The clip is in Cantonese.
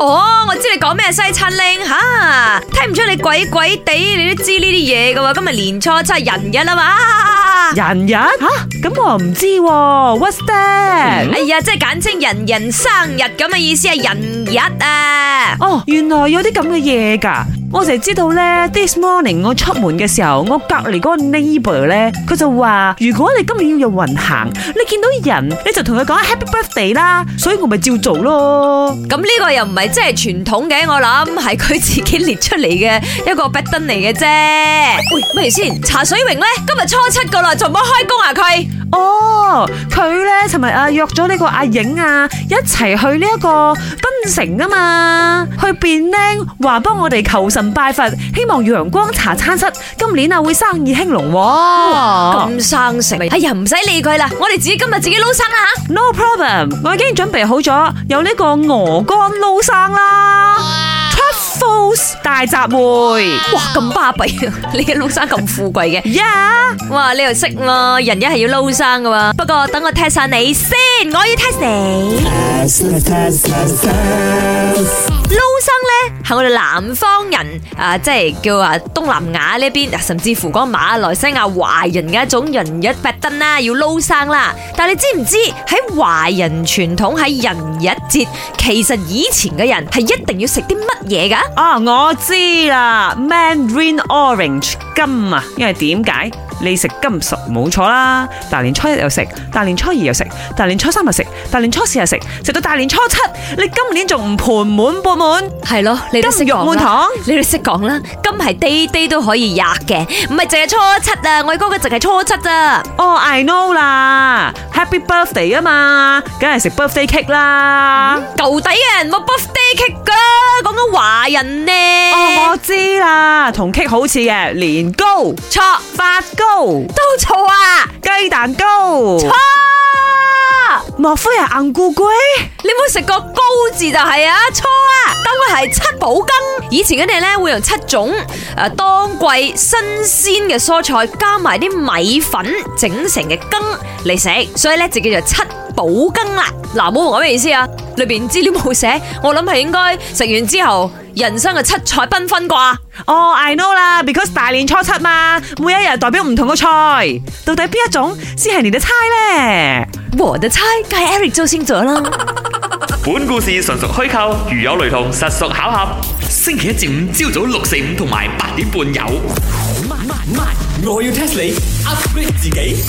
哦，我知你講咩西餐靚吓，聽唔出你鬼鬼地，你都知呢啲嘢噶。今日年初七人日啦嘛，人日吓？咁我又唔知喎。What's that？嗯，哎呀，即係簡稱人人生日咁嘅意思啊，人日啊。哦，原來有啲咁嘅嘢噶。我就知道咧，this morning 我出門嘅時候，我隔籬個 neighbor 咧，佢就話，如果你今日要用云行，你見到人你就同佢講 Happy Birthday 啦，所以我咪照做咯。咁呢個又唔係真係傳統嘅，我諗係佢自己列出嚟嘅一個特登嚟嘅啫。喂，不如先茶水榮咧，今日初七噶啦，做唔好開工啊佢。哦，佢咧尋日啊約咗呢個阿影啊一齊去呢一個檳城啊嘛，去變靚，話幫我哋求神。拜佛，希望陽光茶餐室今年啊會生意興隆。咁哇哇生食，哎呀唔使理佢啦。我哋自己今日自己撈生啦。No problem，我已經準備好咗有呢個鵝肝撈生啦。哇大集會，哇咁巴閉，你嘅撈生咁富貴嘅呀？哇你又識嘛？人日係要撈生噶嘛？不過等我 test 下你先，我要 test 你。撈生咧，係我哋南方人啊，即係叫啊東南亞呢一邊，甚至乎講馬來西亞華人嘅一種人日特登啦，要撈生啦。但係你知唔知喺華人傳統喺人日節，其實以前嘅人係一定要食啲乜嘢噶？哦。我知啦，Man Rain Orange 金啊，因為點解？你食金屬冇錯啦，大年初一又食，大年初二又食，大年初三又食，大年初四又食，食到大年初七，你今年仲唔盤滿缽滿？係咯，你食玉滿堂，糖你哋識講啦，金係 day day 都可以吔嘅，唔係淨係初七啊，我講嘅淨係初七咋。哦、oh，I know 啦，Happy Birthday 啊嘛，梗係食 Birthday cake 啦，舊、嗯、底啊，冇 Birthday cake 噶。講到華人呢？哦，我知啦，同 cake 好似嘅，年糕錯，錯發糕都錯啊，雞蛋糕錯，錯莫非係、啊、硬固龜？你冇食過糕字就係啊錯。都係七寶羹，以前嗰啲咧會用七種誒、啊、當季新鮮嘅蔬菜，加埋啲米粉整成嘅羹嚟食，所以咧就叫做七寶羹啦。嗱、啊，冇講咩意思啊？裏邊資料冇寫，我諗係應該食完之後，人生嘅七彩繽紛啩。哦、oh，I know 啦，because 大年初七嘛，每一日代表唔同嘅菜，到底邊一種先係你嘅菜咧？我的菜，梗係 Eric 周星哲啦。 本故事純屬虛構，如有雷同，實屬巧合。星期一至五朝早六四五同埋八點半有。Oh, my, my, my. 我要 test 你 upgrade 自己。